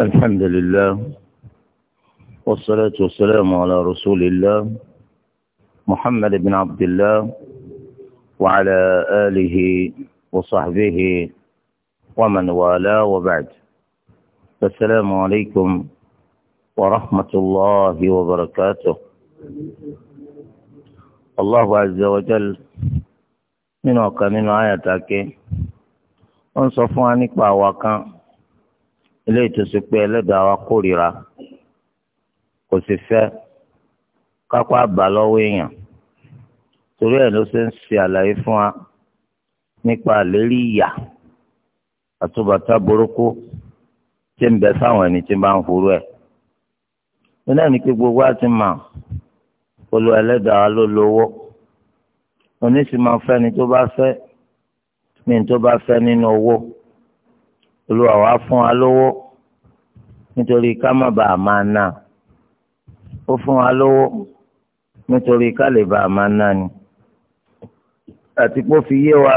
الحمد لله والصلاة والسلام على رسول الله محمد بن عبد الله وعلى آله وصحبه ومن والاه وبعد السلام عليكم ورحمة الله وبركاته الله عز وجل من وقع من آياتك ó عنك sọ eléyìí tó ṣe pé ẹlẹ́dàá wa kórìíra kò sì fẹ́ kápá àbá lọ́wọ́ èèyàn torí ẹ̀ ló ṣe ń ṣe àlàyé fún wa nípa àlérí ìyà àtúbọ̀tá burúkú tí ń bẹ fáwọn ẹni tí ń bá ń forú ẹ̀. nínú ẹni pé gbogbo àti mà olú ẹlẹ́dàá ló lówó oníṣìí máa fẹ́ ni tó bá fẹ́ ni tó bá fẹ́ nínú owó. No olúwa wa fún wa lówó nítorí ká má bàa máa ná ó fún wa lówó nítorí ká lè bàa máa ná ni àti pé ó fi yé wa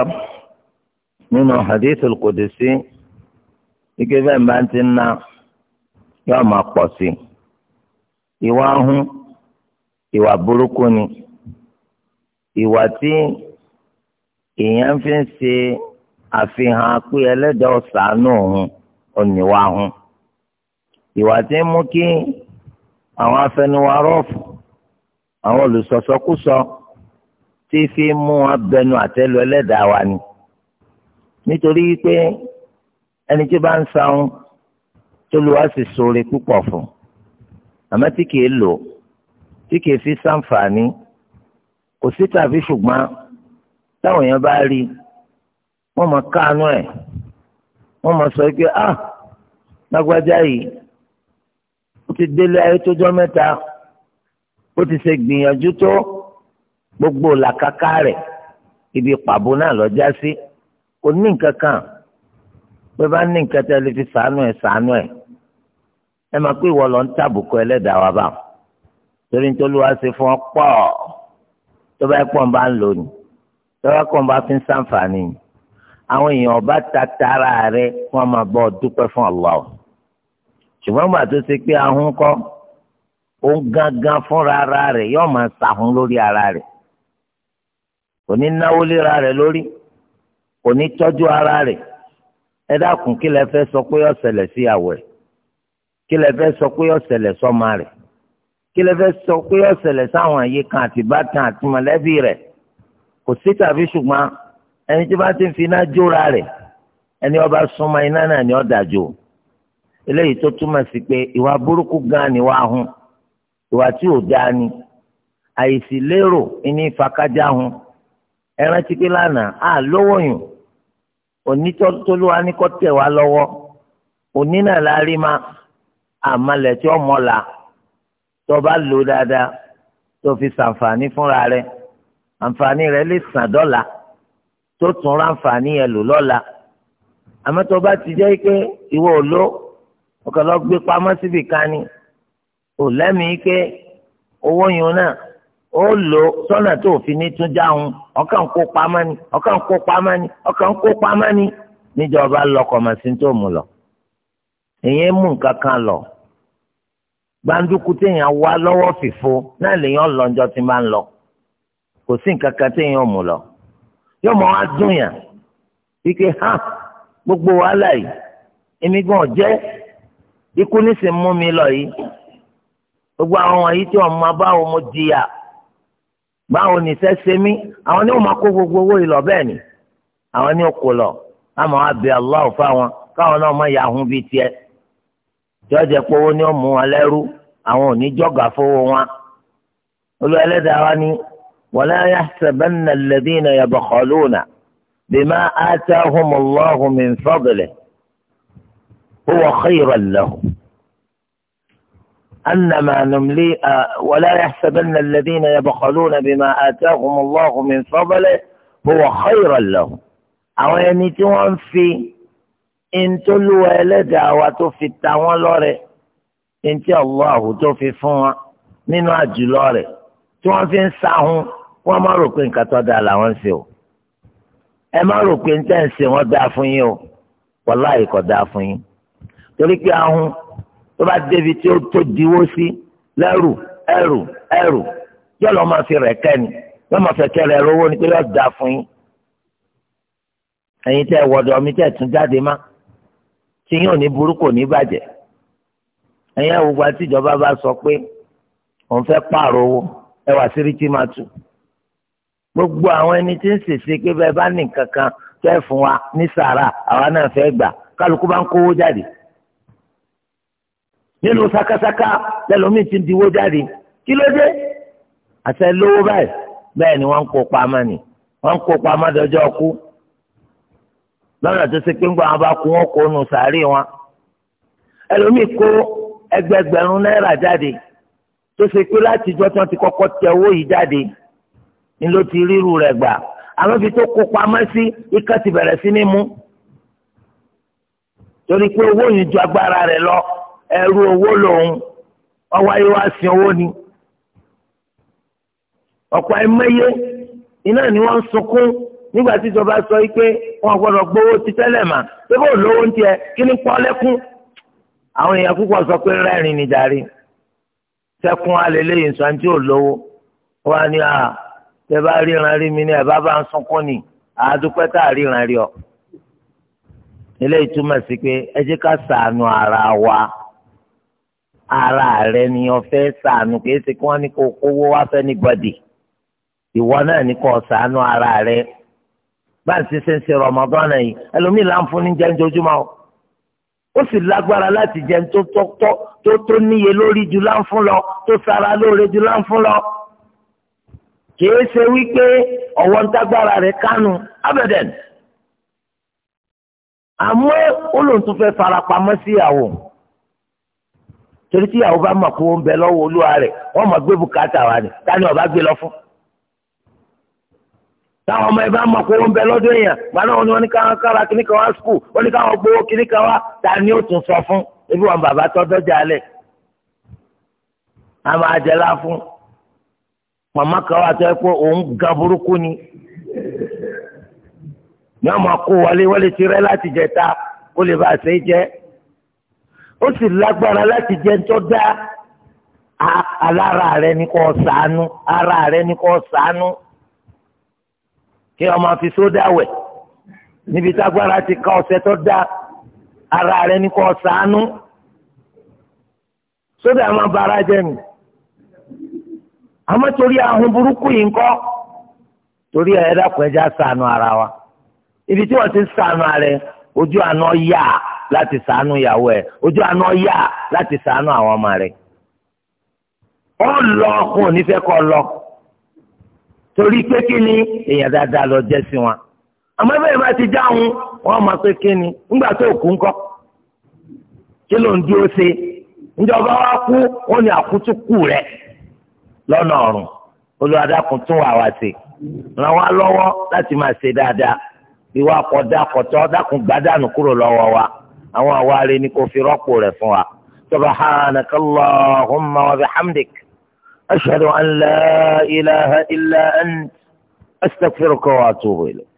nínú hadithul qudsi ike bẹ́ẹ̀ bá ti ń ná yóò máa pọ̀ sí ìwà ahun ìwà burúkú ni ìwà tí èèyàn fi ń ṣe àfihàn pé ẹlẹ́dàá ọ̀sánù òun òníwá hun ìwà tí ń mú kí àwọn afẹnuwa rọ́ọ̀fù àwọn olùsọ̀sọ́kúsọ tí fi mú abẹnu àtẹ́lu ẹlẹ́dàá wa ni nítorí pé ẹni tí bá ń sanwó tó lu wá sì sóore púpọ̀ fún àmọ́ tí kìí lò tí kìí fi ṣàǹfààní kò sí tàbí ṣùgbọ́n táwọn èèyàn bá rí i wọ́n máa káàánú ẹ̀ wọ́n máa sọ pé ah lágbájá yìí ó ti délé ayé tójọ́ mẹ́ta ó ti ṣe gbìyànjú tó gbogbo làkàkà rẹ̀ ibi pàbó náà lọ́jà sí kò ní nǹkan kan pé bá ní nǹkan tẹ́lẹ̀ fi sànú ẹ̀ sànú ẹ̀ ẹ máa pé ìwọ lọ ń tàbùkù ẹlẹ́dàá wa bá torí ní tolúwa ṣe fún ọ pọ̀ tó bá yẹ pọ̀ ń bá ń lò ní tó bá yẹ ń bá fi ń sàǹfààní ní àwọn èèyàn ọba ta tara rẹ wọn máa bọ dúpẹ́ fún Allah ṣùgbọ́n gbà tó ṣe pé ahun kọ òun gangan fúnra ara rẹ yóò máa sàhun lórí ara rẹ kò ní náwó léra rẹ lórí kò ní tọ́jú ara rẹ ẹ dákun kí lẹ fẹ́ sọ pé ọsẹlẹ sí àwọ rẹ kí lẹ fẹ́ sọ pé ọsẹlẹ sọma rẹ kí lẹ fẹ́ sọ pé ọsẹlẹ sáwọn àyíká àti bàtàn àti mọ̀lẹ́bí rẹ kò sí tàbí ṣùgbọ́n ẹni tí bá ti ń fi iná jóra rẹ̀ ẹni ọba súnmọ́ iná náà ni ó dájú eléyìí tó túmọ̀ sí pé ìwà burúkú gan ni wàá hùn ìwà tí ò dáa ni àìsí lérò ní ìfakájá hun ẹran tí pé lánàá à lówó yùn onítọ́tólúwa ní kó tẹ̀ wá lọ́wọ́ onínà lárí la rí ma àmàlẹ̀ tí ó mọ̀la tó bá lò dáadáa tó fi ṣàǹfààní fúnra rẹ̀ àǹfààní rẹ̀ lè sàn dọ́là tó tún ráǹfààní yẹn lò lọ́la àmọ́ bá ti jẹ́ pé ìwọ ò lo ó kàn lọ gbé pamọ́ síbi kan ni ò lẹ́mìí pé owó yun náà ó lò sọ́nà tó fi ní tún dáhùn ọkàn kó pamọ́ ni ọkàn kó pamọ́ ni ọkàn kó pamọ́ ni níjọba lọkọ̀ tó lọ èyí mú nǹkan kan lọ gbanduku téèyàn wá lọ́wọ́ fìfo náà lọ́njọ́ tí máa ń lọ kò sí nǹkan yóò mọ adúnyà ike ha gbogbo wàhálà yìí èmi gan jẹ ikú nísìnyí mú mi lọ yìí gbogbo àwọn wọ̀nyí tí wọ́n máa báwo mo jìyà báwo ní sẹ́ ṣe mí àwọn ní wọ́n máa kó gbogbo owó ìlọ bẹ́ẹ̀ ni àwọn ní òkò lọ àmọ́ abẹ Allah fáwọn káwọn náà má yahun bíi tiẹ̀ jọjẹ pọwọ ni ó mú wọn lẹ́rú àwọn ò ní jọgà fowó wọn olú ẹlẹ́dàá wa ni. ولا يحسبن الذين يبخلون بما آتاهم الله من فضله هو خيرا لهم أنما نملي آه، ولا يحسبن الذين يبخلون بما آتاهم الله من فضله هو خيرا لهم أو ينتون يعني في إن ń fi وتوفي ẹlẹ́dàá wa الله توفي ta من lọ́rẹ ntí Allahu tó wọ́n má rò pé nǹkan tó dáa làwọn ń ṣe o ẹ má rò pé nǹkan ń ṣe wọ́n dáa fún yín o wàláhì kò dáa fún yín torí pé ahun tó bá débi tí ó tó diwó sí lẹ́rù ẹrù ẹrù yóò lọ́ọ́ máa fi rẹ̀ kẹ́ni yóò máa fẹ́ kẹ́rẹ̀ rówó ni pé yóò dáa fún yín ẹ̀yin tẹ́ wọ̀dọ̀ mi tẹ́ tún jáde má tí yóò ní burúkú ní bàjẹ́ ẹ̀yin àwùgbà tíjọba bá sọ pé òun fẹ́ pààrọ̀ owó ẹwà sírí tí tù gbogbo àwọn ẹni tí ń ṣèṣe pé bẹ́ẹ̀ bá ní nǹkan kan fẹ́ fún wa ní sàrà àwa náà fẹ́ gbà kálukú bá ń kówó jáde nílùú sakasaka lẹ́lọ́mìn ti ń diwó jáde kí ló dé àṣẹ lówó báyìí bẹ́ẹ̀ ni wọ́n ń kó pamọ́ ni wọ́n ń kó pamọ́ dọjọ́ kú lọ́nà tó ṣe pé ńgbà wọn bá kú wọn kó nu sàárè wọn ẹlòmíì kó ẹgbẹgbẹ̀rún náírà jáde tó ṣe pé látijọ́ tí wọ́n ti kọ́kọ́ tẹ owó yìí jáde ni ló ti ríru rẹ̀ gbà àwọn ibi tó kó pamọ́ sí ikán ti bẹ̀rẹ̀ sí ní mú torí pé owó yìí ju agbára rẹ̀ lọ ẹrú owó lòun ọwọ́ ayé wa sin owó ni ọ̀pọ̀ ẹ̀mẹ́yẹ iná ni wọ́n ń sunkún nígbà tí ìjọba sọ pé wọn gbọ́dọ̀ gbowó ti tẹ́lẹ̀ mà pé bó lówó ń tiẹ̀ kí ni pọ́ lẹ́kún àwọn èèyàn púpọ̀ sọ pé rẹ́rìn ni dàrí sẹ́kún alẹ́ lẹ́yìn sọ́ńtì ò lówó wọn á ní à tẹ bá ríran rí mi ní ẹ bá bá ń sunkún ni àádúpẹ́ tá a ríran rí ọ. eléyìí túmọ̀ sí pé ẹ jẹ́ ká ṣàánú ara wa ara rẹ ni o fẹ́ ṣàánú kì í ṣe kí wọ́n ní kó kówó wá fẹ́ ní gbọ́dì ìwọ náà ní kó ṣàánú ara rẹ bá ń ṣiṣẹ́ ń ṣe Ramadan náà yìí ẹlòmíì láǹfọ̀ọ́nì jẹ́ ń jojúmọ́ o ó sì lágbára láti jẹun tó tó tó níye lórí ju láǹfún lọ tó sara lóore ju láǹfún lọ kìí ṣe wípé ọ̀wọ́ ntágbára rẹ̀ kánú abẹ́dẹ̀n àmọ́ olóńtún fẹ́ farapamọ́ sí ìyàwó torí tí ìyàwó bá mọ̀ kó ń bẹ lọ́wọ́ olúwa rẹ̀ wọ́n mọ̀ gbé bùkátà wa ni tani ọba gbé lọ fún táwọn ọmọ ẹ bá mọ̀ kó ń bẹ lọ́dọ̀ èèyàn gbaná wọn ni wọ́n ní káwọn kára kíní kan wá skul wọ́n ní káwọn gbowó kíní kan tani ó tún sọ fún ebi wọn bàbá tọ́ dọ́jà àmọ́ àjẹlá fún màmá kan wà tó yẹ pé òun ga burúkú ni ní ọmọ kó wọlé wọlé ti rẹ láti jẹ ta kó lè bá a ṣe jẹ ó sì lágbára láti jẹ tó dá alára rẹ ní kò sànú ara rẹ ní kò sànú kí ọmọ fi sódà wẹ̀ níbi tágbára ti ka ọṣẹ tó dá ara rẹ ní kò sànú sódà máa bara jẹ nìyí. àmọ́ torí ahun burúkú yìí ńkọ́ torí ẹ̀ dàpọ̀ ẹja sànù ara wa ibi tí wọ́n ti sànù ara ẹ ojú àná yà láti sànù ìyàwó ẹ ojú àná yà láti sànù àwọn ọmọ rẹ ọ lọ ọkùn torí pé kí ni èèyàn dáadáa lọ jẹ́ sí wọn àmọ́ bẹ́ẹ̀ bá ti jáhùn máa ni ńgbà tó kú ńkọ́ kí ló wa kú kù rẹ. lọ́nà ọ̀run Olúwa dákun tún wà wá sí ràn wá lọ́wọ́ láti máa ṣe dáadáa ìwà kọ̀dá kọ̀tọ́ dákun gbádànù kúrò lọ́wọ́ wa àwọn àwa rẹ ni kò fi rọ́pò rẹ̀ fún wa. سبحانك اللهم وبحمدك أشهد أن لا إله إلا أنت أستغفرك وأتوب إليك